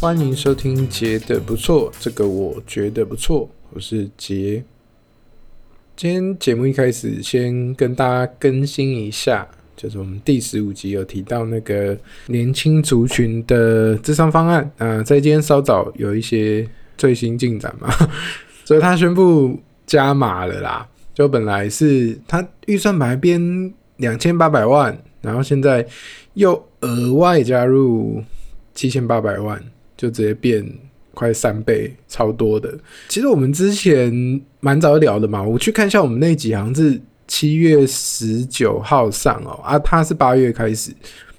歡迎收聽傑的不錯，這個我覺得不錯，我是傑。今天節目一開始先跟大家更新一下，就是我們第十五集有提到那個年輕族群的諮商方案，呃，在今天稍早有一些最新進展嘛， 所以他宣布。加碼了啦，就本來是它預算本來變兩千八百萬，然後現在又額外加入七千八百萬，就直接變快三倍，超多的。其實我們之前蠻早聊的嘛，我去看一下我們那幾行字七月十九號上哦、喔，啊，它是八月開始，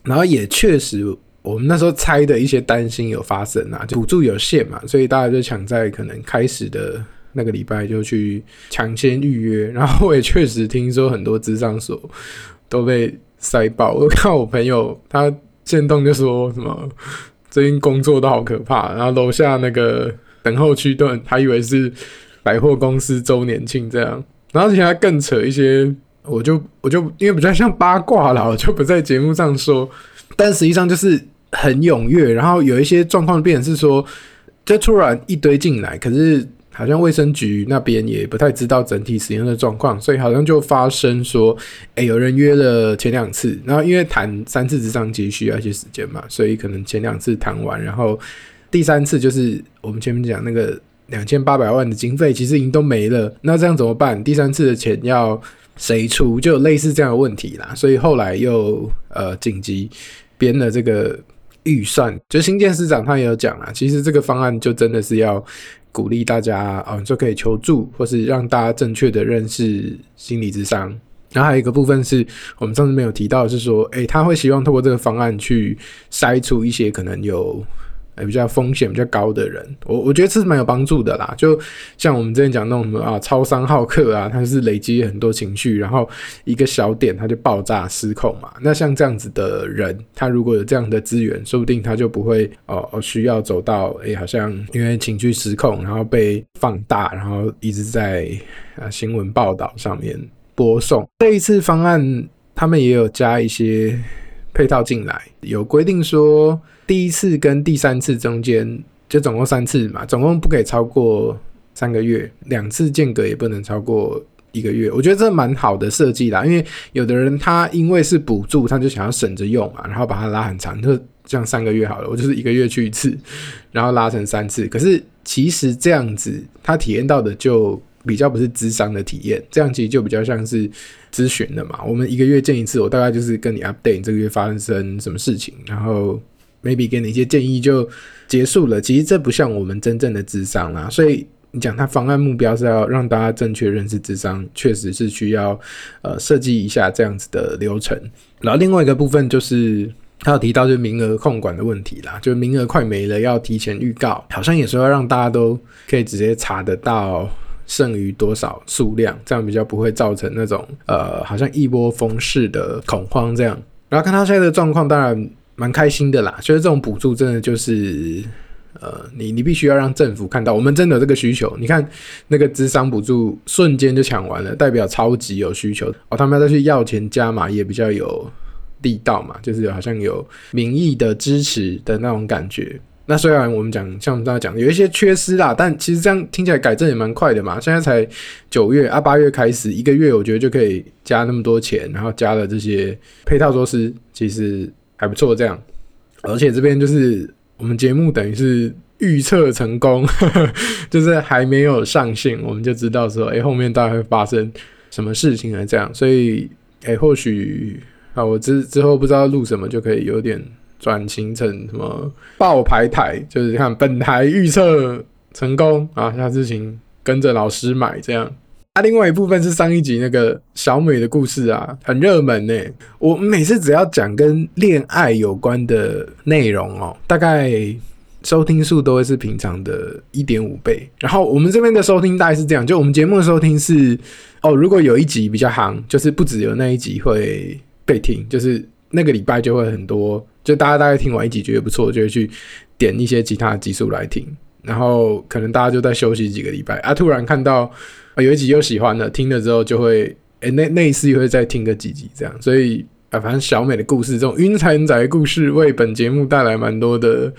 然後也確實我們那時候猜的一些擔心有發生啊，就補助有限嘛，所以大家就搶在可能開始的。那個禮拜就去搶先預約，然後我也確實聽說很多諮商所都被塞爆。我看我朋友他先動就說什麼，最近工作都好可怕。然後樓下那個等候區段，他以為是百貨公司周年慶這樣。然後其他更扯一些，我就我就因為比較像八卦啦，我就不在節目上說。但實際上就是很踴躍，然後有一些狀況變成是說，就突然一堆進來，可是。好像衛生局那邊也不太知道整體使用的狀況，所以好像就發生說，誒、欸，有人約了前兩次，然後因為談三次諮商其實需要一些時間嘛，所以可能前兩次談完，然後第三次就是我們前面講那個兩千八百萬的經費，其實已經都沒了，那這樣怎麼辦？第三次的錢要誰出？就有類似這樣的問題啦。所以後來又呃緊急編了這個預算，就新建市長他也有講啦，其實這個方案就真的是要。鼓勵大家哦，就可以求助，或是讓大家正確的認識心理諮商。然後還有一個部分是我們上次沒有提到，是說、欸，他會希望透過這個方案去篩出一些可能有。比較風險比較高的人，我我覺得這是蠻有幫助的啦。就像我們之前講那種什麼啊，超商好客啊，他是累積很多情緒，然後一個小點他就爆炸失控嘛。那像這樣子的人，他如果有這樣的資源，說不定他就不會哦需要走到哎、欸，好像因為情緒失控，然後被放大，然後一直在啊新聞報道上面播送。這一次方案他們也有加一些配套進來，有規定說。第一次跟第三次中間就總共三次嘛，總共不可以超過三個月，兩次間隔也不能超過一個月。我覺得這蠻好的設計啦，因為有的人他因為是補助，他就想要省着用嘛，然後把它拉很長，就這樣三個月好了。我就是一個月去一次，然後拉成三次。可是其實這樣子，他體驗到的就比較不是諮商的體驗，這樣其實就比較像是諮詢的嘛。我們一個月見一次，我大概就是跟你 update 這個月發生什麼事情，然後。maybe 給你一些建議就結束了，其實這不像我們真正的諮商啦、啊，所以你講他方案目標是要讓大家正確認識諮商，確實是需要呃設計一下這樣子的流程。然後另外一個部分就是他有提到，就是名額控管的問題啦，就是名額快沒了，要提前預告，好像也說要讓大家都可以直接查得到剩餘多少數量，這樣比較不會造成那種呃好像一窩蜂式的恐慌這樣。然後看他現在的狀況，當然，蠻開心的啦，所以這種補助真的就是，呃，你你必須要讓政府看到我們真的有這個需求。你看那個諮商補助瞬間就搶完了，代表超級有需求哦。他們要再去要錢加碼也比較有力道嘛，就是好像有民意的支持的那種感覺。那雖然我們講像我們剛才講有一些缺失啦，但其實這樣聽起來改正也蠻快的嘛。現在才九月啊，八月開始一個月，我覺得就可以加那麼多錢，然後加了這些配套措施，其實。還不錯，這樣，而且這邊就是我們節目等於是預測成功呵呵，就是還沒有上線，我們就知道說，誒、欸，後面大概會發生什麼事情啊？這樣，所以，誒、欸，或許啊，我之之後不知道錄什麼，就可以有點轉型成什麼報牌台，就是看本台預測成功啊，下次請跟着老師買這樣。啊、另外一部分是上一集那個小美的故事啊，很熱門呢、欸。我每次只要講跟戀愛有關的內容哦、喔，大概收聽數都會是平常的一點五倍。然後我們這邊的收聽大概是這樣：就我們節目的收聽是哦，如果有一集比較夯，就是不只有那一集會被聽，就是那個禮拜就會很多。就大家大概聽完一集覺得不錯，就會去點一些其他的集數來聽，然後可能大家就在休息幾個禮拜啊，突然看到，啊、有一集又喜歡了，聽了之後就會，哎、欸，那那一次又會再聽個幾集這樣，所以啊，反正小美的故事，這種暈船宅故事，為本節目帶來蠻多的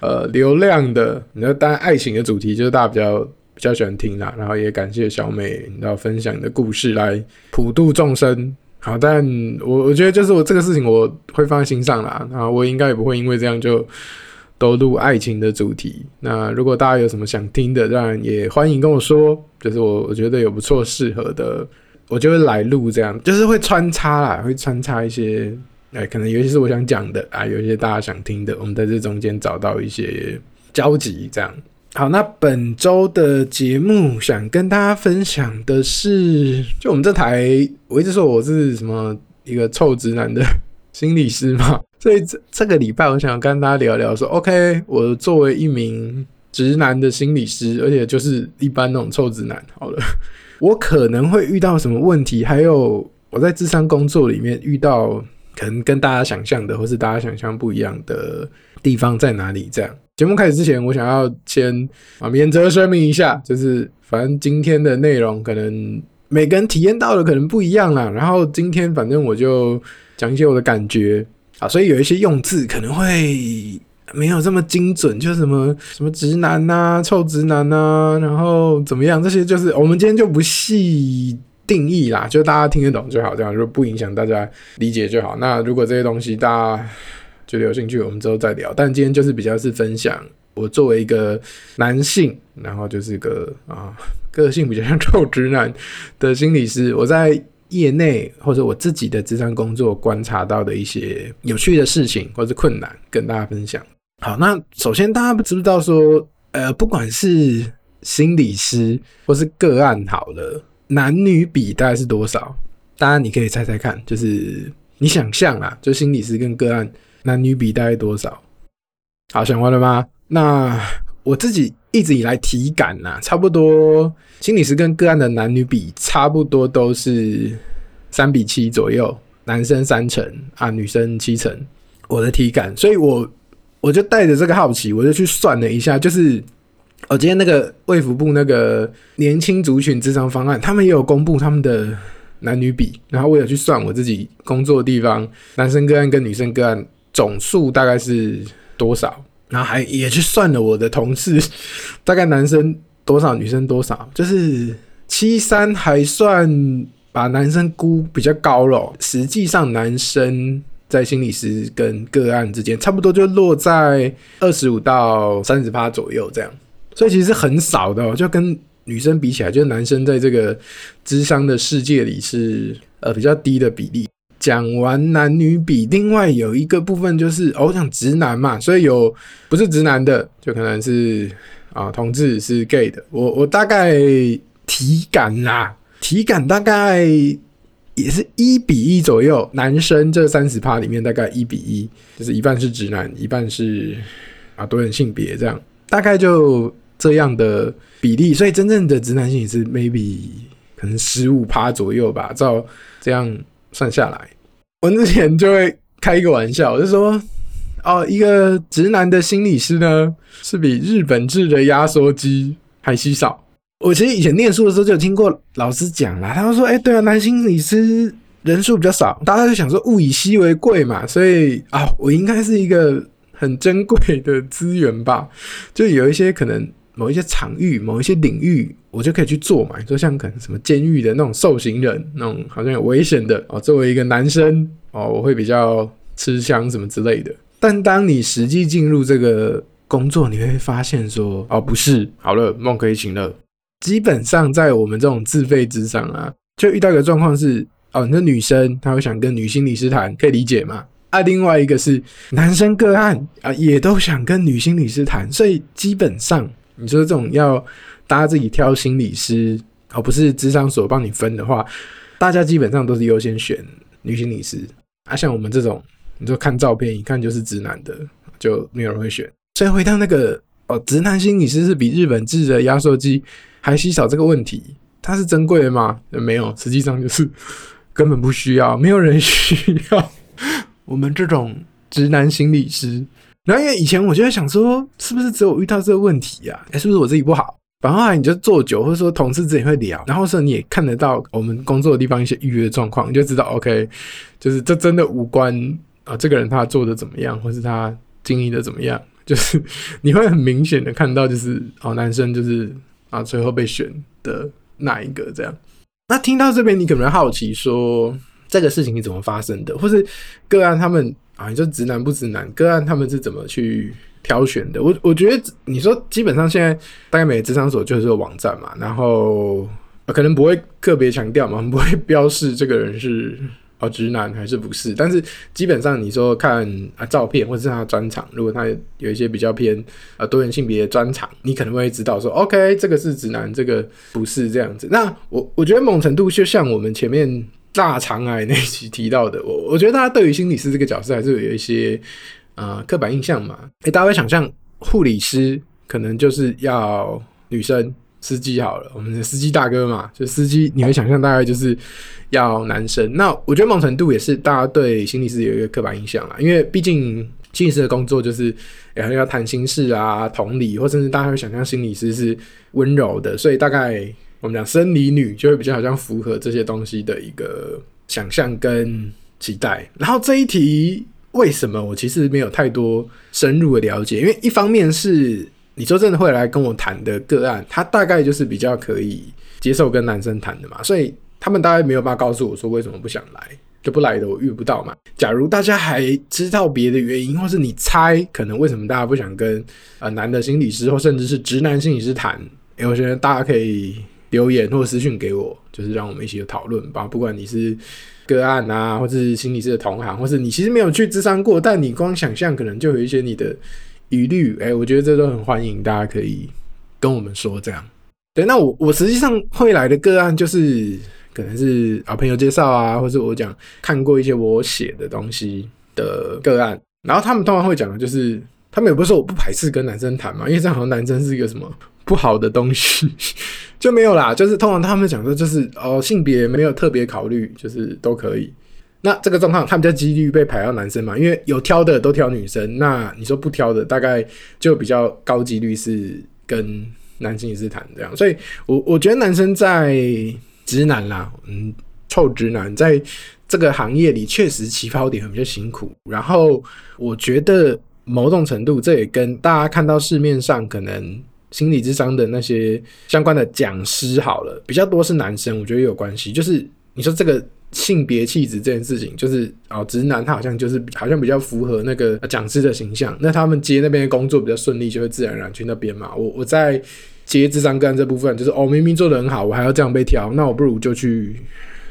呃流量的。你知道，當然愛情的主題就是大家比較比較喜歡聽啦，然後也感謝小美你知道分享你的故事來普度眾生。好，但我我覺得就是我這個事情我會放在心上啦。然後我應該也不會因為這樣就。都錄愛情的主題。那如果大家有什麼想聽的，當然也歡迎跟我說。就是我我覺得有不錯適合的，我就會來錄這樣，就是會穿插啦，會穿插一些哎、欸，可能尤其是我想講的啊、欸，有一些大家想聽的，我們在這中間找到一些交集，這樣。好，那本周的節目想跟大家分享的是，就我們這臺，我一直說我是什麼一個臭直男的心理師嘛，所以這這個禮拜，我想要跟大家聊聊說，OK，我作為一名直男的心理師，而且就是一般那種臭直男，好了，我可能會遇到什麼問題，還有我在諮商工作裡面遇到可能跟大家想象的或是大家想象不一樣的地方在哪裡？這樣節目開始之前，我想要先啊免責聲明一下，就是反正今天的內容，可能每個人體驗到的可能不一樣啦。然後今天反正我就。講一些我的感覺啊，所以有一些用字可能會沒有這麼精準，就什麼什麼直男吶、啊、臭直男吶、啊，然後怎麼樣這些，就是我們今天就不細定義啦，就大家聽得懂就好，這樣就不影響大家理解就好。那如果這些東西大家覺得有興趣，我們之後再聊。但今天就是比較是分享，我作為一個男性，然後就是個啊、哦、個性比較像臭直男的心理師，我在。業內或者我自己的職場工作觀察到的一些有趣的事情或是困難，跟大家分享。好，那首先大家知不知道說，呃，不管是心理師或是個案好了，男女比大概是多少？當然你可以猜猜看，就是你想象啊，就心理師跟個案男女比大概多少？好，想完了嗎？那我自己。一直以來體感啦、啊，差不多心理師跟個案的男女比，差不多都是三比七左右，男生三成啊，女生七成。我的體感，所以我我就帶着這個好奇，我就去算了一下，就是我、哦、今天那個衛福部那個年輕族群諮商方案，他們也有公布他們的男女比，然後我有去算我自己工作的地方男生個案跟女生個案總數大概是多少，然後還也去算了我的同事，大概男生多少，女生多少，就是七三，還算把男生估比較高咯哦。實際上男生在心理師跟個案之間，差不多就落在二十五到三十趴左右這樣，所以其實很少的哦，就跟女生比起來，就男生在這個諮商的世界裡是呃比較低的比例。講完男女比，另外有一個部分就是，我講直男嘛，所以有不是直男的，就可能是啊，同志是 gay 的。我我大概體感啦，體感大概也是一比一左右，男生這三十趴裡面大概一比一，就是一半是直男，一半是啊多元性別這樣，大概就這樣的比例。所以真正的直男性也是 maybe 可能十五趴左右吧，照這樣。算下來，我之前就會開一個玩笑，我就說，哦，一個直男的心理師呢，是比日本製的壓縮機還稀少。我其實以前念書的時候就有聽過老師講啦，他們說，哎、欸，對啊，男心理師人數比較少，大家就想說物以稀為貴嘛，所以啊、哦，我應該是一個很珍貴的資源吧，就有一些可能。某一些場域、某一些領域，我就可以去做嘛，就是說像可能什麼監獄的那種受刑人，那種好像有危險的哦。作為一個男生哦，我會比較吃香什麼之類的。但當你實際進入這個工作，你會發現說哦，不是，好了，夢可以醒了。基本上在我們這種自費之上啊，就遇到一個狀況是哦，那女生她會想跟女心理師談，可以理解嗎？啊，另外一個是男生個案啊，也都想跟女心理師談，所以基本上。你說這種要大家自己挑心理師，而不是諮商所幫你分的話，大家基本上都是優先選女心理師啊。像我們這種，你就看照片，一看就是直男的，就沒有人會選。所以回到那個哦，直男心理師是比日本製的壓縮機還稀少這個問題，它是珍貴的嗎？沒有，實際上就是根本不需要，沒有人需要我們這種直男心理師。然後因為以前我就在想說，是不是只有我遇到這個問題呀、啊？哎，是不是我自己不好？反過來你就坐久，或者說同事之間會聊，然後說你也看得到我們工作的地方一些預約狀況，你就知道 OK，就是這真的無關啊、呃，這個人他做的怎麼樣，或是他經歷的怎麼樣，就是你會很明顯的看到，就是哦、呃，男生就是啊、呃，最後被選的那一個這樣。那聽到這邊，你可能好奇說，這個事情是怎麼發生的，或是個案他們？啊，就直男不直男，個案他們是怎麼去挑選的？我我覺得你說基本上現在大概每個諮商所就是網站嘛，然後、呃、可能不會特別強調嘛，不會標示這個人是啊、呃、直男還是不是。但是基本上你說看啊照片或者他的專長，如果他有一些比較偏啊、呃、多元性別的專長，你可能會知道說，OK，這個是直男，這個不是這樣子。那我我覺得某程度就像我們前面。大腸癌那一期提到的，我我覺得大家對於心理師這個角色還是有一些、呃、刻板印象嘛。哎、欸，大家會想象，護理師可能就是要女生，司機好了，我們的司機大哥嘛，就司機，你會想象大概就是要男生。那我覺得某程度也是大家對心理師有一個刻板印象啦，因為畢竟心理師的工作就是哎，欸、好像要談心事啊，同理，或甚至大家會想象心理師是溫柔的，所以大概。我們講生理女就會比較好像符合這些東西的一個想象跟期待。然後這一題為什麼我其實沒有太多深入的了解，因為一方面是你說真的會來跟我談的個案，他大概就是比較可以接受跟男生談的嘛，所以他們大概沒有辦法告訴我說為什麼不想來就不來的，我遇不到嘛。假如大家還知道別的原因，或是你猜可能為什麼大家不想跟呃男的心理師，或甚至是直男心理師談？因為我覺得大家可以。留言或私訊給我，就是讓我們一起討論吧。不管你是個案啊，或者是心理師的同行，或是你其實沒有去諮商過，但你光想象，可能就有一些你的疑慮，哎、欸，我覺得這都很歡迎，大家可以跟我們說這樣。對，那我我實際上會來的個案，就是可能是啊朋友介紹啊，或是我講看過一些我寫的東西的個案，然後他們通常會講的就是，他們也不是說我不排斥跟男生談嘛，因為這樣好像男生是一個什麼。不好的東西 就沒有啦，就是通常他們講的就是哦，性別沒有特別考慮，就是都可以。那這個狀況，他們就幾率被排到男生嘛，因為有挑的都挑女生，那你說不挑的，大概就比較高幾率是跟男生一起談這樣。所以我我覺得男生在直男啦，嗯，臭直男在這個行業裡確實起跑點很比較辛苦。然後我覺得某種程度這也跟大家看到市面上可能心理諮商的那些相關的講師，好了，比較多是男生，我覺得也有關係。就是你說這個性別氣質這件事情，就是哦，直男他好像就是好像比較符合那個啊、講師的形象，那他們接那邊的工作比較順利，就會自然而然去那邊嘛。我我在接諮商跟這部分，就是哦，明明做的很好，我還要這樣被挑，那我不如就去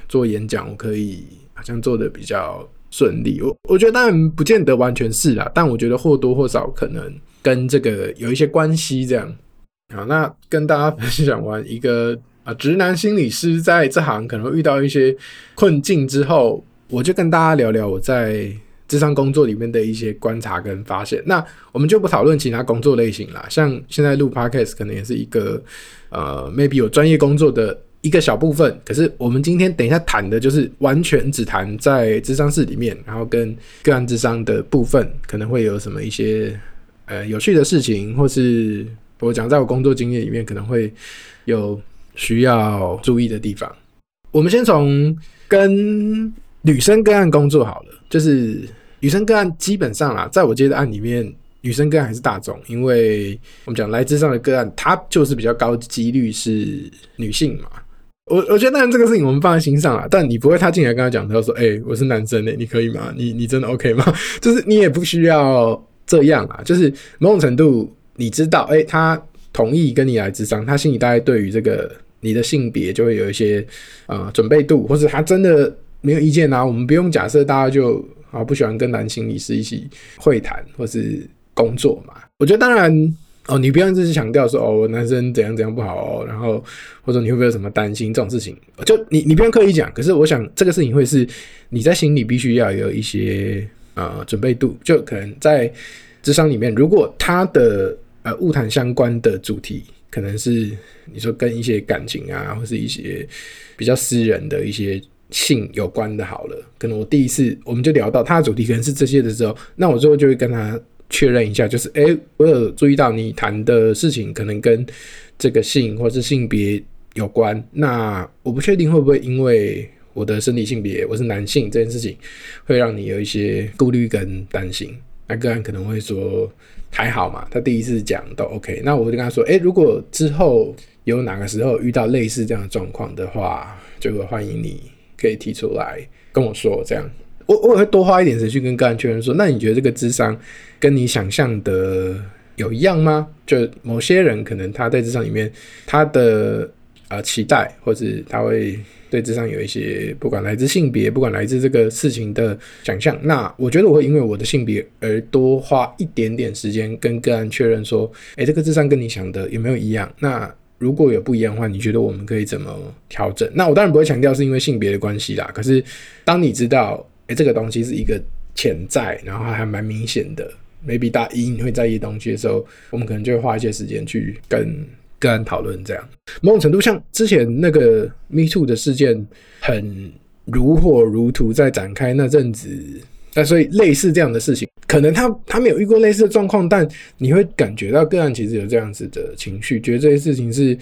做演講，我可以好像做的比較順利。我我覺得當然不見得完全是啦、啊，但我覺得或多或少可能跟這個有一些關係，這樣。好，那跟大家分享完一個啊、呃，直男心理師在這行可能會遇到一些困境之後，我就跟大家聊聊我在諮商工作裡面的一些觀察跟發現。那我們就不討論其他工作類型了，像現在錄 podcast 可能也是一個呃，maybe 有專業工作的一個小部分。可是我們今天等一下談的，就是完全只談在諮商室裡面，然後跟個案諮商的部分，可能會有什麼一些呃有趣的事情，或是。我講，在我工作經驗裡面，可能會有需要注意的地方。我們先從跟女生個案工作好了，就是女生個案基本上啊，在我接的案裡面，女生個案還是大宗，因為我們講來自上的個案，它就是比較高幾率是女性嘛。我我覺得當然這個事情我們放在心上啊，但你不會他進來跟他講，他說：“哎、欸，我是男生誒、欸，你可以嗎？你你真的 OK 嗎？”就是你也不需要這樣啊，就是某種程度。你知道，哎、欸，他同意跟你來諮商，他心裡大概對於這個你的性別就會有一些呃準備度，或者他真的沒有意見吶、啊？我們不用假設大家就啊不喜歡跟男性心理師一起會談或是工作嘛？我覺得當然哦，你不用一直強調說哦，我男生怎樣怎樣不好、哦，然後或者你會不會有什麼擔心這種事情？就你你不用刻意講，可是我想這個事情會是你在心裡必須要有一些呃準備度，就可能在諮商裡面，如果他的。呃，晤談相關的主題，可能是你說跟一些感情啊，或是一些比較私人的一些性有關的。好了，可能我第一次我們就聊到他的主題可能是這些的時候，那我最後就會跟他確認一下，就是誒、欸，我有注意到你談的事情可能跟這個性或是性別有關，那我不確定會不會因為我的生理性別我是男性這件事情，會讓你有一些顧慮跟擔心。那個案可能會說。還好嘛，他第一次講都 OK，那我就跟他說，欸，如果之後有哪個時候遇到類似這樣的狀況的話，就會歡迎你可以提出來跟我說，這樣我我也會多花一點時間去跟個案確認說，那你覺得這個諮商跟你想象的有一樣嗎？就某些人可能他在諮商裡面他的。啊、呃，期待或者他會對諮商有一些，不管來自性別，不管來自這個事情的想象那我覺得我會因為我的性別而多花一點點時間跟個案確認說，誒、欸，這個諮商跟你想的有沒有一樣？那如果有不一樣的話，你覺得我們可以怎麼調整？那我當然不會強調是因為性別的關係啦。可是當你知道，誒、欸，這個東西是一個潛在，然後還蠻明顯的，maybe 大一你會在意的東西的時候，我們可能就會花一些時間去跟。個案討論這樣，某種程度像之前那個 Me Too 的事件，很如火如荼在展開那陣子，那、啊、所以類似這樣的事情，可能他他沒有遇過類似的狀況，但你會感覺到個案其實有這樣子的情緒，覺得這些事情是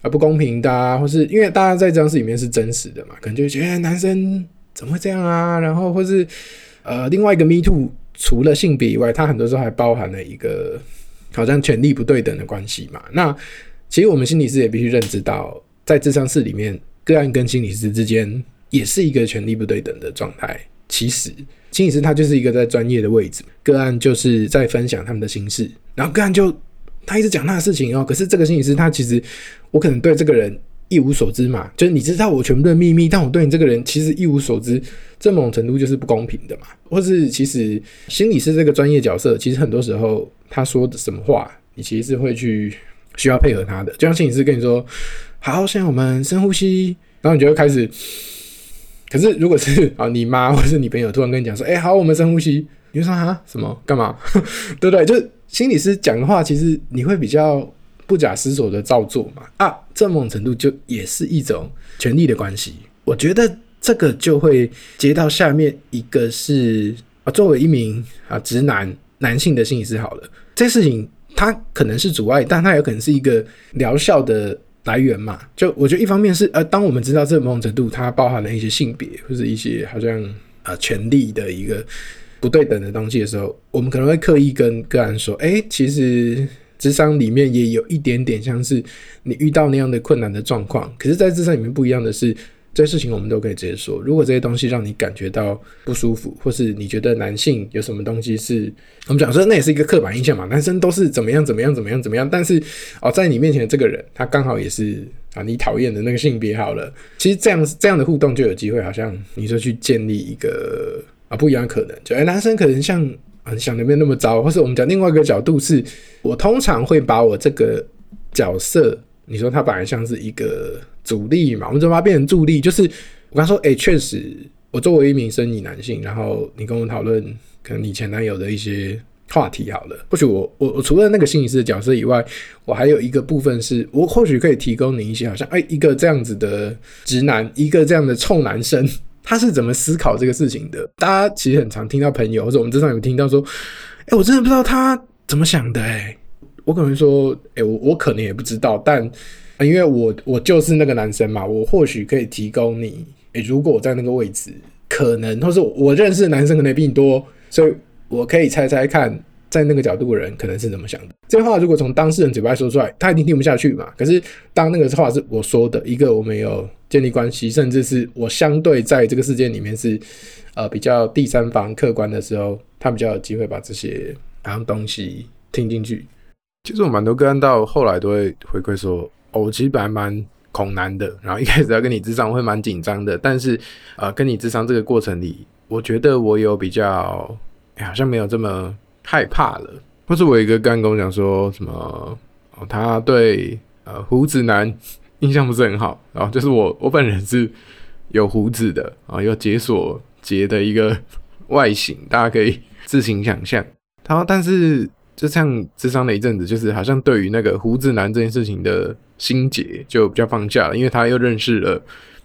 啊不公平的，啊，或是因為大家在這樣子裡面是真實的嘛，可能就會覺得男生怎麼會這樣啊？然後或是呃另外一個 Me Too 除了性別以外，他很多時候還包含了一個好像權力不對等的關係嘛，那。其實我們心理師也必須認知到，在諮商室裡面，個案跟心理師之間也是一個權力不對等的狀態。其實，心理師他就是一個在專業的位置，個案就是在分享他們的心事，然後個案就他一直講他的事情哦、喔。可是這個心理師他其實，我可能對這個人一無所知嘛，就是你知道我全部的秘密，但我對你這個人其實一無所知，這種程度就是不公平的嘛。或是其實心理師這個專業角色，其實很多時候他說的什麼話，你其實是會去。需要配合他的，就像心理師跟你說：“好，現在我們深呼吸。”然後你就會開始。可是如果是啊，你媽或是你朋友突然跟你講說：“哎、欸，好，我們深呼吸。”你就說：“啊，什麼？幹嘛？” 對不對，對？就心理師講的話，其實你會比較不假思索的照做嘛。啊，這種程度就也是一種權力的關係。我覺得這個就會接到下面一個是啊，作為一名啊直男男性的心理師，好了，這事情。它可能是阻礙，但它有可能是一個療效的來源嘛？就我覺得，一方面是呃，當我們知道這某種程度它包含了一些性別或者一些好像呃權力的一個不對等的東西的時候，我們可能會刻意跟個案說，誒、欸，其實諮商裡面也有一點點像是你遇到那樣的困難的狀況，可是，在諮商裡面不一樣的是。這些事情我們都可以直接說。如果這些東西讓你感覺到不舒服，或是你覺得男性有什麼東西是我們講說，那也是一個刻板印象嘛，男生都是怎麼樣怎麼樣怎麼樣怎麼樣。但是哦，在你面前的這個人，他剛好也是啊，你討厭的那個性別好了。其實這樣這樣的互動就有機會，好像你說去建立一個啊不一樣的可能。就、哎、男生可能像啊你想的沒有那麼糟，或是我們講另外一個角度是，我通常會把我這個角色。你說他本來像是一個阻力嘛，我們怎麼把他變成助力？就是我剛說，哎、欸，確實，我作為一名生理男性，然後你跟我討論可能你前男友的一些話題，好了，或許我我我除了那個心理師的角色以外，我還有一個部分是我或許可以提供你一些，好像哎、欸，一個這樣子的直男，一個這樣的臭男生，他是怎麼思考這個事情的？大家其實很常聽到朋友，或者我們之上有聽到說，哎、欸，我真的不知道他怎麼想的、欸，哎。我可能說，誒、欸，我我可能也不知道，但、呃、因為我我就是那個男生嘛，我或許可以提供你，誒、欸，如果我在那個位置，可能或是我認識的男生可能比你多，所以我可以猜猜看，在那個角度的人可能是怎麼想的。這話如果從當事人嘴巴說出來，他一定聽不下去嘛。可是當那個話是我說的，一個我沒有建立關係，甚至是我相對在這個世界裡面是呃比較第三方客觀的時候，他比較有機會把這些好像東西聽進去。其實我蠻多個案，到後來都會回饋說，哦，我其實本來蠻恐男的。然後一開始要跟你諮商會蠻緊張的，但是呃，跟你諮商這個過程裡，我覺得我有比較，欸，好像沒有這麼害怕了。或是我一個個案講說什麼，哦，他對呃鬍子男印象不是很好。然，哦，後就是我，我本人是有鬍子的啊，哦，有解鎖結的一個外形，大家可以自行想象。然後，哦，但是。就像諮商了一陣子，就是好像對於那個鬍子男這件事情的心結就比較放下了，因為他又認識了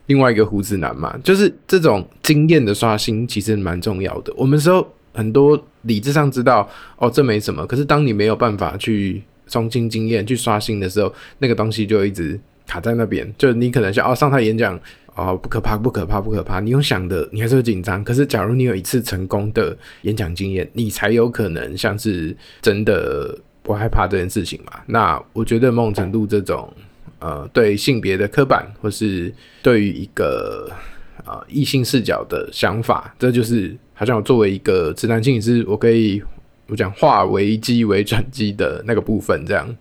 另外一個鬍子男嘛。就是這種經驗的刷新，其實蠻重要的。我們時候很多理智上知道哦，這沒什麼，可是當你沒有辦法去刷新經驗、去刷新的時候，那個東西就一直卡在那邊。就你可能像哦，上台演講。啊、oh，不可怕，不可怕，不可怕！你用想的，你還是會緊張。可是，假如你有一次成功的演講經驗，你才有可能像是真的不害怕這件事情嘛。那我覺得某種程度這種，呃，對性別的刻板，或是對於一個呃異性視角的想法，這就是好像我作為一個直男心理師是我可以我講化危機為轉機的那個部分。這樣，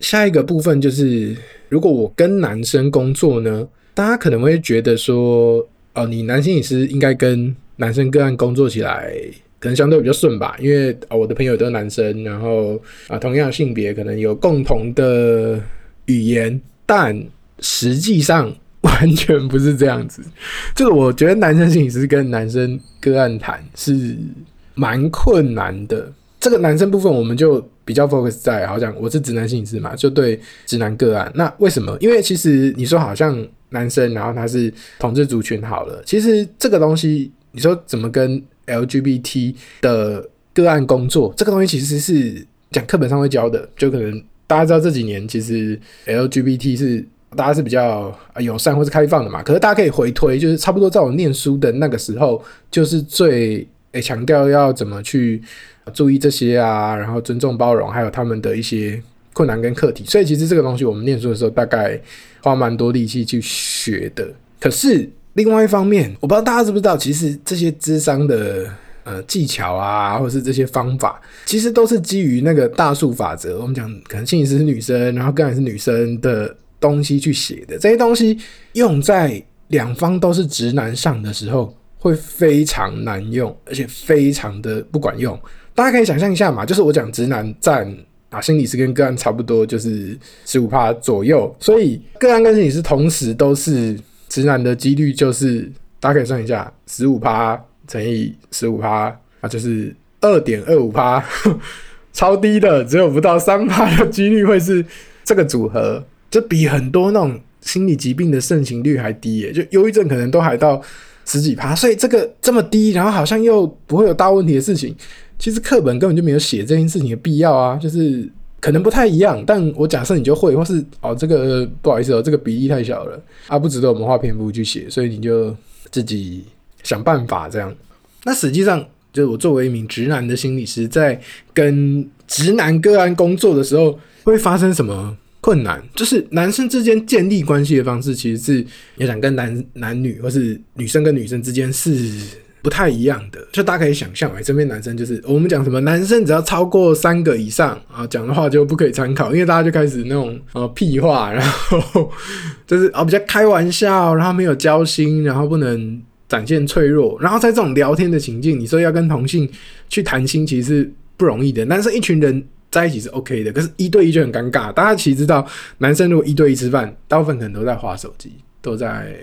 下一個部分就是，如果我跟男生工作呢？大家可能會覺得說，哦，你男心理師應該跟男生個案工作起來可能相對比較順吧，因為、哦、我的朋友都是男生，然後啊，同樣性別可能有共同的語言，但實際上完全不是這樣子。這個我覺得，男心理師跟男生個案談是蠻困難的。這個男生部分，我們就比較 focus 在，好像我是直男心理師嘛，就對直男個案。那為什麼？因為其實你說好像。男生，然後他是統治族群好了。其實這個東西，你說怎麼跟 LGBT 的個案工作，這個東西其實是講課本上會教的。就可能大家知道這幾年，其實 LGBT 是大家是比較友善或是開放的嘛。可是大家可以回推，就是差不多在我念書的那個時候，就是最誒強調要怎麼去注意這些啊，然後尊重包容，還有他們的一些。困難跟課題，所以其實這個東西我們念書的時候大概花蠻多力氣去學的。可是另外一方面，我不知道大家知不知道，其實這些諮商的呃技巧啊，或者是這些方法，其實都是基於那個大數法則。我們講可能性理是女生，然後更然是女生的東西去寫的，這些東西用在兩方都是直男上的時候，會非常難用，而且非常的不管用。大家可以想象一下嘛，就是我講直男占。啊，心理師跟個案差不多，就是十五趴左右，所以個案跟心理師同時都是直男的幾率，就是大家可以算一下，十五趴乘以十五趴，啊，就是二點二五趴。 超低的，只有不到三趴的幾率會是這個組合，這比很多那種心理疾病的盛行率還低耶，就憂鬱症可能都還到十幾趴，所以這個這麼低，然後好像又不會有大問題的事情。其實課本根本就沒有寫這件事情的必要啊，就是可能不太一樣，但我假設你就會，或是哦，這個、呃、不好意思哦，這個比例太小了，啊，不值得我們畫篇幅去寫，所以你就自己想辦法這樣。那實際上，就是我作為一名直男的心理師，在跟直男個案工作的時候，會發生什麼困難？就是男生之間建立關係的方式，其實是也想跟男男女或是女生跟女生之間是。不太一樣的，就大家可以想象，欸，哎，這邊男生就是我們講什麼，男生只要超過三個以上啊，講的話就不可以參考，因為大家就開始那種呃、啊、屁話，然後就是哦、啊、比較開玩笑，然後沒有交心，然後不能展現脆弱，然後在這種聊天的情境，你說要跟同性去談心，其實是不容易的。男生一群人在一起是 OK 的，可是一對一就很尷尬。大家其實知道，男生如果一對一吃飯，大部分可能都在滑手機，都在。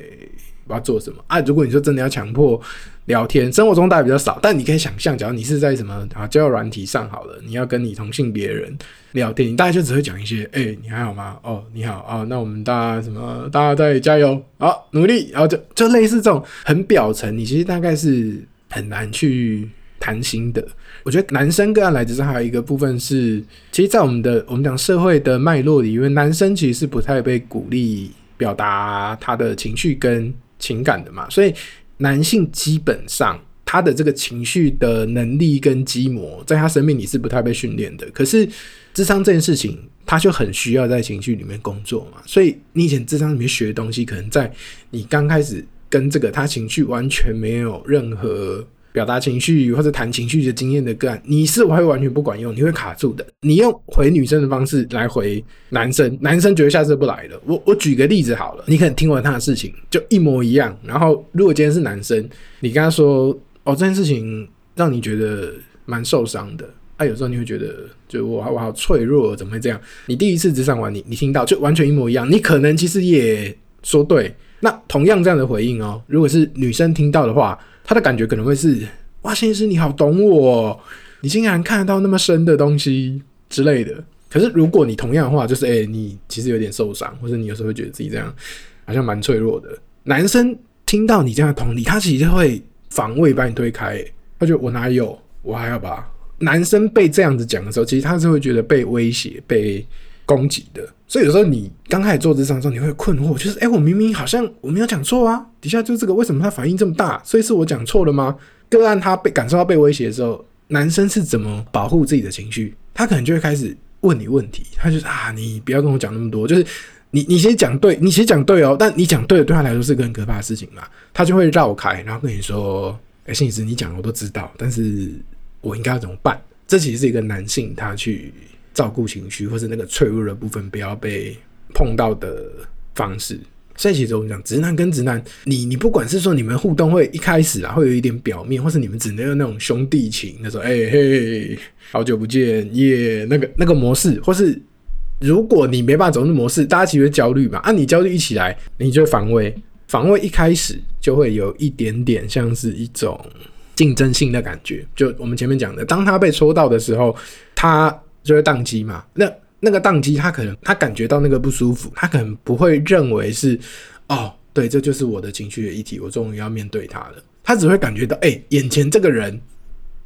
要做什麼啊？如果你說真的要強迫聊天，生活中大家比較少，但你可以想象，假如你是在什麼啊交友軟體上好了，你要跟你同性別人聊天，你大概就只會講一些“哎、欸，你還好嗎？”“哦，你好啊、哦，那我們大家什麼？大家在加油好努力。哦”然後就就類似這種很表層，你其實大概是很難去談心的。我覺得男生個案來，只是還有一個部分是，其實，在我們的我們講社會的脈絡裡，因為男生其實是不太被鼓勵表達他的情緒跟。情感的嘛，所以男性基本上他的這個情緒的能力跟機模，在他生命裡是不太被訓練的。可是諮商這件事情，他就很需要在情緒裡面工作嘛。所以你以前諮商裡面學的東西，可能在你剛開始跟這個他情緒完全沒有任何。表達情緒或者談情緒的經驗的個案，你是會完全不管用，你會卡住的。你用回女生的方式來回男生，男生覺得下次不來了。我我舉個例子好了，你可能聽完他的事情就一模一樣。然後如果今天是男生，你跟他說：“哦，這件事情讓你覺得蠻受傷的。”啊有時候你會覺得就我我好脆弱，怎麼會這樣？你第一次直上完，你你聽到就完全一模一樣。你可能其實也說對。那同樣這樣的回應哦，如果是女生聽到的話。他的感覺可能會是：哇，先生你好懂我，你竟然看得到那麼深的東西之類的。可是如果你同樣的話，就是誒、欸，你其實有點受傷，或者你有時候會覺得自己這樣好像蠻脆弱的。男生聽到你這樣的同理，他其實就會防衛把你推開，他就我哪有，我還要吧。男生被這樣子講的時候，其實他是會覺得被威脅、被。攻擊的，所以有時候你剛開始做諮商的時候，你會困惑，就是誒、欸，我明明好像我沒有講錯啊，底下就這個，為什麼他反應這麼大？所以是我講錯了嗎？個案他被感受到被威脅的時候，男生是怎麼保護自己的情緒？他可能就會開始問你問題，他就是啊，你不要跟我講那麼多，就是你你先講對，你先講對哦，但你講對的，對他來說是個很可怕的事情嘛，他就會繞開，然後跟你說，哎、欸，心理師，你講的我都知道，但是我應該要怎麼辦？這其實是一個男性他去。照顧情緒，或是那個脆弱的部分，不要被碰到的方式。所以其實我們講，直男跟直男，你你不管是說你們互動會一開始啊，會有一點表面，或是你們只能用那種兄弟情，那時候哎、欸、嘿，好久不見耶，yeah, 那個那個模式，或是如果你沒辦法走入模式，大家其實會焦慮嘛，啊，你焦慮一起來，你就防衛，防衛一開始就會有一點點像是一種競爭性的感覺。就我們前面講的，當他被抽到的時候，他。就會當機嘛？那那個當機，他可能他感覺到那個不舒服，他可能不會認為是，哦，對，這就是我的情緒的議題，我終於要面對他了。他只會感覺到，哎，眼前這個人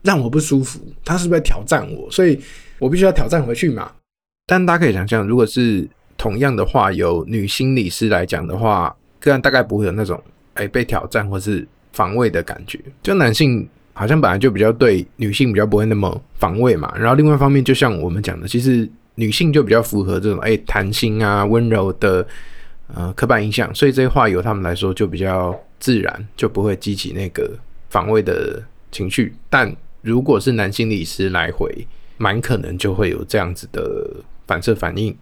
讓我不舒服，他是不是在挑戰我？所以我必須要挑戰回去嘛。但大家可以想象，如果是同樣的話，由女心理師來講的話，個案大概不會有那種，哎，被挑戰或是防衛的感覺，就男性。好像本來就比較對女性比較不會那麼防衛嘛，然後另外一方面，就像我們講的，其實女性就比較符合這種哎談心啊溫柔的呃刻板印象，所以這些話由他們來說就比較自然，就不會激起那個防衛的情緒。但如果是男性心理師來回，蠻可能就會有這樣子的反射反應，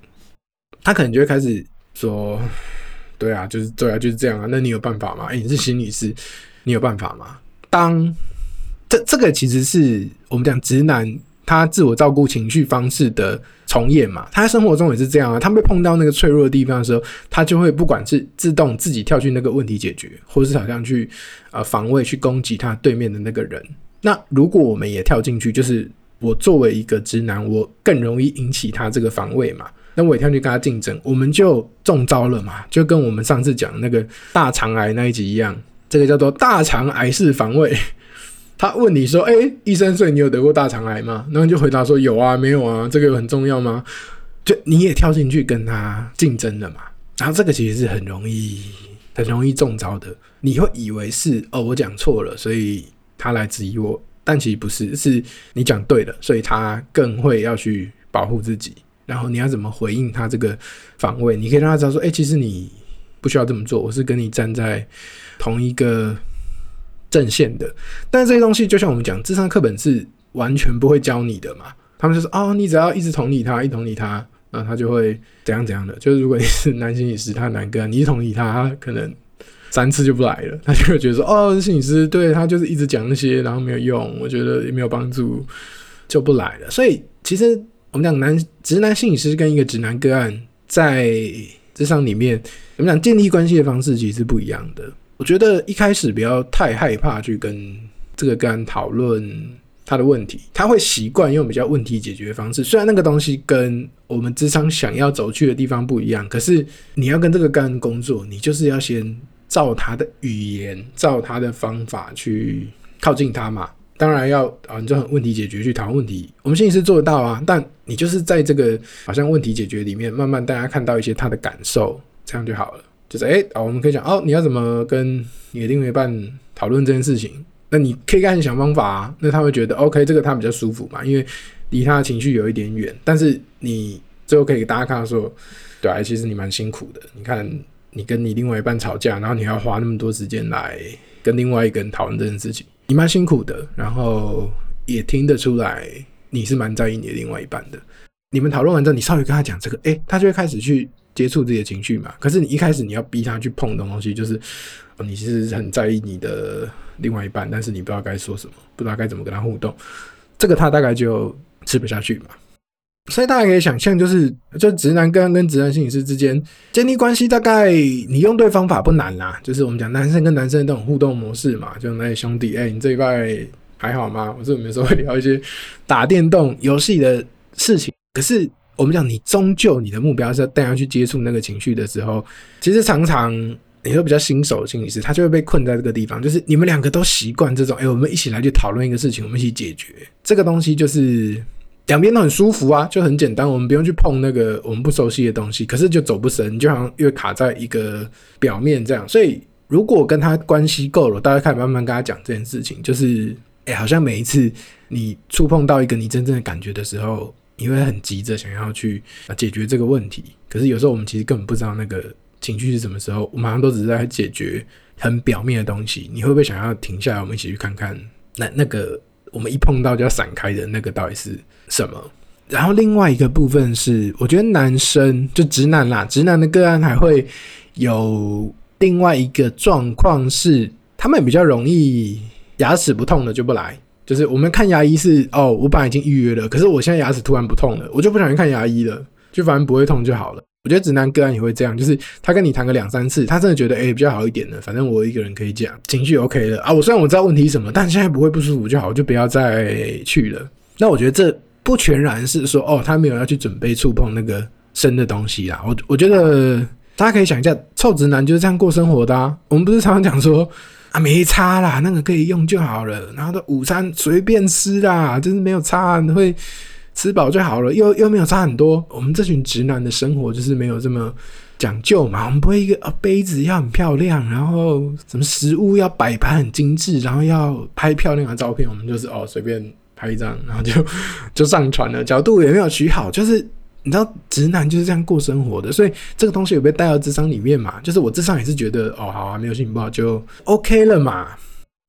他可能就會開始說：“對啊，就是對啊，就是這樣啊，那你有辦法嗎？誒、欸，你是心理師，你有辦法嗎？”當這這個其實是我們講直男他自我照顧情緒方式的重演嘛，他生活中也是這樣啊。他被碰到那個脆弱的地方的時候，他就會不管是自動自己跳去那個問題解決，或是好像去呃防衛去攻擊他對面的那個人。那如果我們也跳進去，就是我作為一個直男，我更容易引起他這個防衛嘛。那我也跳進去跟他競爭，我們就中招了嘛。就跟我們上次講的那個大腸癌那一集一樣，這個叫做大腸癌式防衛。他問你說：“誒、欸，醫生，所以你有得過大腸癌嗎？”然後你就回答說：“有啊，沒有啊，這個很重要嗎？”就你也跳進去跟他競爭了嘛。然後這個其實是很容易、很容易中招的。你會以為是哦，我講錯了，所以他來質疑我，但其實不是，是你講對了，所以他更會要去保護自己。然後你要怎麼回應他這個防衛？你可以讓他知道說：“誒、欸，其實你不需要這麼做，我是跟你站在同一個。”正線的，但是這些東西就像我們講，諮商課本是完全不會教你的嘛。他們就說啊、哦，你只要一直同理他，一同理他，那他就會怎樣怎樣的。就是如果你是男性心理師，他男個案，你一同理他，他可能三次就不來了。他就會覺得說，哦，心理師對他就是一直講那些，然後沒有用，我覺得也沒有幫助，就不來了。所以其實我們講男直男心理師跟一個直男個案在諮商裡面，我們講建立關係的方式其實是不一樣的。我覺得一開始不要太害怕去跟這個干討論他的問題，他會習慣用比較問題解決的方式。雖然那個東西跟我們職場想要走去的地方不一樣，可是你要跟這個干工作，你就是要先照他的語言、照他的方法去靠近他嘛。當然要啊、哦，你就很問題解決去討問題，我們心理師做得到啊。但你就是在這個好像問題解決裡面，慢慢大家看到一些他的感受，這樣就好了。就是哎、欸，我們可以講哦，你要怎麼跟你的另外一半討論這件事情？那你可以開始想方法、啊。那他會覺得，OK，這個他比較舒服嘛，因為離他的情緒有一點遠。但是你最後可以給大家看到說，對啊，其實你蠻辛苦的。你看你跟你另外一半吵架，然後你要花那麼多時間來跟另外一個人討論這件事情，你蠻辛苦的。然後也聽得出來你是蠻在意你的另外一半的。你們討論完之後，你稍微跟他講這個，哎、欸，他就會開始去。接觸自己的情緒嘛，可是你一開始你要逼他去碰的東西，就是你其實很在意你的另外一半，但是你不知道該說什麼，不知道該怎麼跟他互動，這個他大概就吃不下去嘛。所以大家可以想象就是就直男跟跟直男心理師之間建立關係，大概你用對方法不難啦。就是我們講男生跟男生的那種互動模式嘛，就那些兄弟，哎、欸，你這一塊還好嗎？我這有時候會聊一些打電動遊戲的事情，可是。我們講，你終究你的目標是要帶他去接觸那個情緒的時候，其實常常，你說比較新手的心理師，他就會被困在這個地方，就是你們兩個都習慣這種，哎、欸，我們一起來去討論一個事情，我們一起解決這個東西，就是兩邊都很舒服啊，就很簡單，我們不用去碰那個我們不熟悉的東西，可是就走不深，你就好像又卡在一個表面這樣。所以，如果跟他關係夠了，大家可以慢慢跟他講這件事情，就是，哎、欸，好像每一次你觸碰到一個你真正的感覺的時候。你會很急着想要去解決這個問題，可是有時候我們其實根本不知道那個情緒是什麼時候，我們好像都只是在解決很表面的東西。你會不會想要停下來，我們一起去看看那那個我們一碰到就要閃開的那個到底是什麼？然後另外一個部分是，我覺得男生就直男啦，直男的個案還會有另外一個狀況是，他們比較容易牙齒不痛的就不來。就是我們看牙醫是哦，我本來已經預約了，可是我現在牙齒突然不痛了，我就不想去看牙醫了，就反正不會痛就好了。我覺得直男個案也會這樣，就是他跟你談個兩三次，他真的覺得哎、欸、比較好一點了，反正我一個人可以講，情緒 OK 了啊。我雖然我知道問題是什麼，但現在不會不舒服就好，就不要再去了。那我覺得這不全然是說哦，他沒有要去準備觸碰那個深的東西啊。我我覺得大家可以想一下，臭直男就是這樣過生活的、啊。我們不是常常講說。啊，沒差啦，那個可以用就好了。然後的午餐隨便吃啦，就是沒有差，會吃飽就好了。又又沒有差很多。我們這群直男的生活就是沒有這麼講究嘛，我們不會一個、哦，杯子要很漂亮，然後什麼食物要擺盤很精緻，然後要拍漂亮的照片。我們就是哦，隨便拍一張，然後就就上傳了，角度也沒有取好，就是。你知道直男就是這樣過生活的，所以這個東西有被帶到諮商裡面嘛？就是我諮商也是覺得哦，好啊，沒有性好就 OK 了嘛。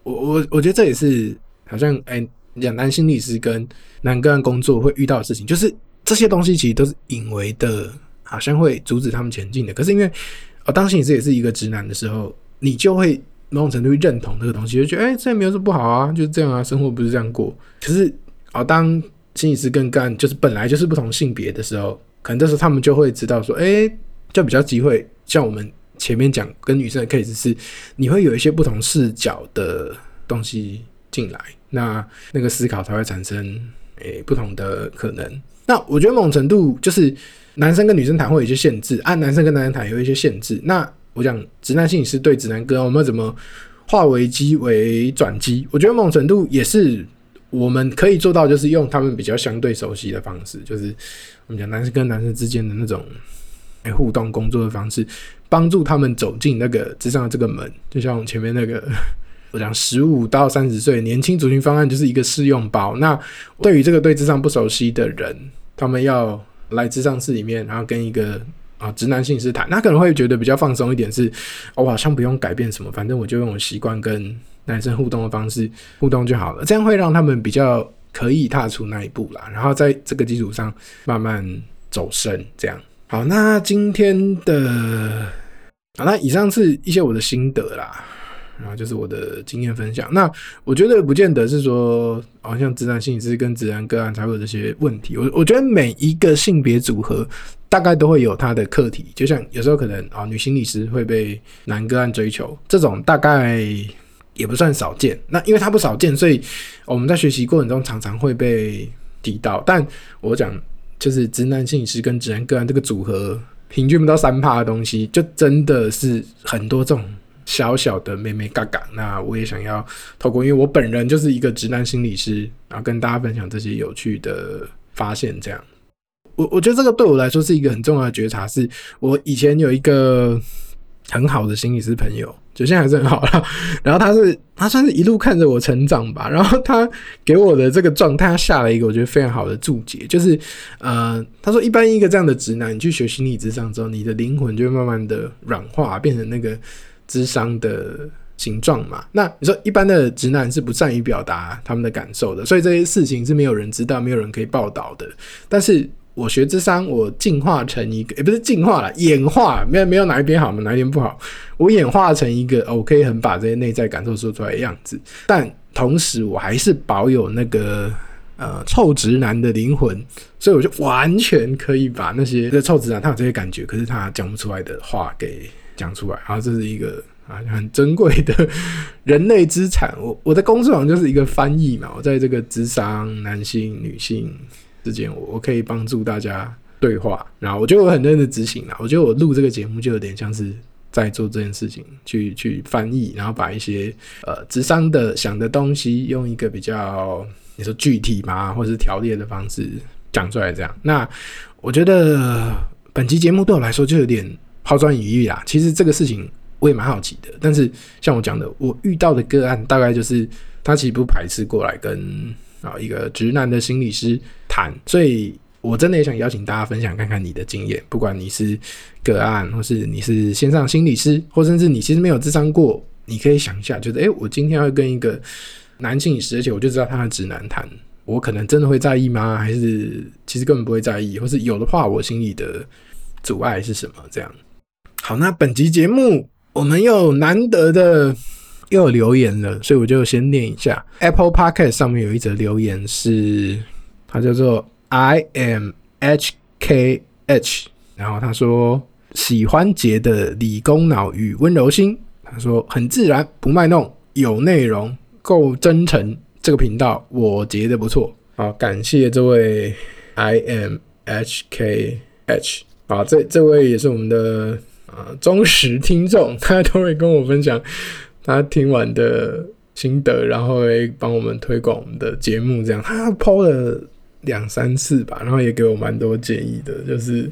我我我覺得這也是好像哎，兩、欸、男心理師跟男個案工作會遇到的事情，就是這些東西其實都是隱微的，好像會阻止他們前進的。可是因為哦，當心理師也是一個直男的時候，你就會某種程度會認同這個東西，就覺得哎、欸，這也沒有說不好啊，就是這樣啊，生活不是這樣過。可是啊、哦，當心理師跟干就是本來就是不同性別的時候，可能這時候他們就會知道說，哎、欸，就比較機會。像我們前面講跟女生的 case 是，你會有一些不同視角的東西進來，那那個思考才會產生誒、欸、不同的可能。那我覺得某程度就是男生跟女生談會有一些限制，啊，男生跟男生談有一些限制。那我講直男心理師對直男哥，我們要怎麼化危機為轉機？我覺得某程度也是。我們可以做到，就是用他們比較相對熟悉的方式，就是我們講男生跟男生之間的那種互動工作的方式，幫助他們走進那個諮商的這個門。就像我們前面那個，我講十五到三十歲年輕族群方案就是一個試用包。那對於這個對諮商不熟悉的人，他們要來諮商室裡面，然後跟一個啊、哦、直男心理師談，那可能會覺得比較放鬆一點是，是、哦、我好像不用改變什麼，反正我就用習慣跟男生互動的方式，互動就好了，這樣會讓他們比較可以踏出那一步啦。然後在這個基礎上慢慢走深，這樣。好，那今天的，好，那以上是一些我的心得啦，然後就是我的經驗分享。那我覺得不見得是說，好像直男心理師跟直男個案才會有這些問題。我我覺得每一個性別組合大概都會有他的課題，就像有時候可能啊，女心理師會被男個案追求，這種大概。也不算少見，那因為他不少見，所以我們在學習過程中常常會被提到。但我講就是直男心理師跟直男個案這個組合，平均不到三趴的東西，就真的是很多這種小小的妹妹嘎嘎。那我也想要透過，因為我本人就是一個直男心理師，然後跟大家分享這些有趣的發現這樣。我我覺得這個對我來說是一個很重要的覺察，是我以前有一個很好的心理師朋友。就現在還是很好了，然後他是他算是一路看着我成長吧，然後他給我的這個狀態下了一個我覺得非常好的注解，就是嗯、呃，他說一般一個這樣的直男，你去學心理諮商之後，你的靈魂就會慢慢的軟化，變成那個諮商的形狀嘛。那你說一般的直男是不善於表達他們的感受的，所以這些事情是沒有人知道，沒有人可以報道的，但是。我學諮商，我進化成一個，也、欸，不是進化了，演化，沒有沒有哪一邊好嘛，哪一邊不好？我演化成一個，我可以很把這些內在感受說出來的樣子，但同時我還是保有那個呃臭直男的靈魂，所以我就完全可以把那些這臭直男他有這些感覺，可是他講不出來的話給講出來，然後這是一個啊很珍貴的人類資產。我我的工作好像就是一個翻譯嘛，我在這個諮商男性女性。之間，我可以幫助大家對話，然後我覺得我很認真執行了，我覺得我錄這個節目就有點像是在做這件事情，去去翻譯，然後把一些呃諮商的想的東西，用一個比較你說具體嘛，或是條列的方式講出來。這樣，那我覺得本期節目對我來說就有點拋磚引玉啦。其實這個事情我也蠻好奇的，但是像我講的，我遇到的個案大概就是他其實不排斥過來跟啊一個直男的心理師。所以我真的也想邀請大家分享看看你的經驗，不管你是個案，或是你是線上心理師，或甚至你其實沒有諮商過，你可以想一下，就是，覺得誒，我今天要跟一個男性醫師，而且我就知道他很直男談，我可能真的會在意嗎？還是其實根本不會在意？或是有的話，我心裡的阻礙是什麼？這樣。好，那本集節目我們又難得的又有留言了，所以我就先念一下，Apple Podcast 上面有一則留言是，他叫做 I M H K H，然後他說喜歡傑的理工腦與溫柔心，他說很自然，不賣弄，有內容，夠真誠。這個頻道我傑的不錯，好，感謝這位 I M H K H，啊，這這位也是我們的啊忠實聽眾，他都會跟我分享他聽完的心得，然後會幫我們推廣我們的節目，這樣他 po 的。兩三次吧，然後也給我蠻多建議的，就是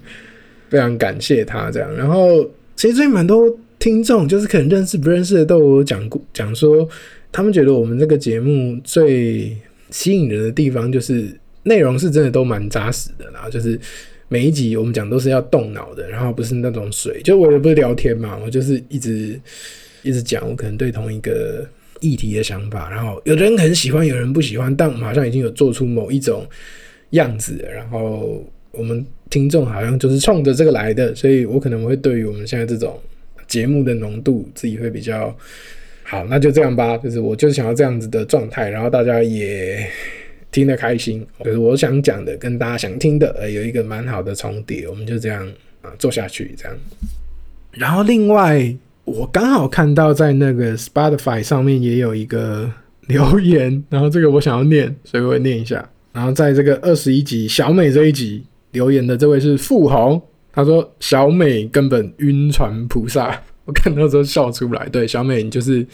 非常感謝他這樣。然後其實最近蠻多聽眾，就是可能認識不認識的，都有講過，講說，他們覺得我們這個節目最吸引人的地方，就是內容是真的都蠻紮實的。然後就是每一集我們講都是要動腦的，然後不是那種水，就我也不是聊天嘛，我就是一直一直講我可能對同一個議題的想法。然後有人很喜歡，有人不喜歡，但我馬上已經有做出某一種。樣子，然後我們聽眾好像就是衝着這個來的，所以我可能會對於我們現在這種節目的濃度，自己會比較好。那就這樣吧，好就是我就是想要這樣子的狀態，然後大家也聽得開心，就是我想講的跟大家想聽的，呃、哎，有一個蠻好的重疊，我們就這樣啊做下去，這樣。然後另外，我剛好看到在那個 Spotify 上面也有一個留言，然後這個我想要念，所以我會念一下。然後在這個二十一集小美這一集留言的這位是富豪，他說小美根本暈船菩薩，我看到都笑出來。對，小美你就是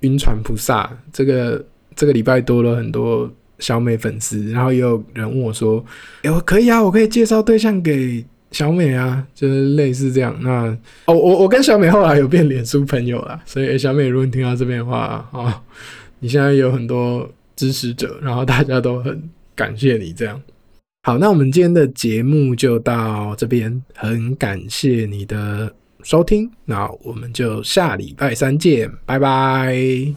暈船菩薩。這個這個禮拜多了很多小美粉絲，然後也有人問我說：“誒我可以啊，我可以介紹對象給小美啊。”就是類似這樣。那哦，我我跟小美後來有變臉書朋友了，所以小美如果你聽到這邊的話啊，哦，你現在有很多支持者，然後大家都很。感謝你這樣，好，那我們今天的節目就到這邊，很感謝你的收聽，那我們就下禮拜三見，拜拜。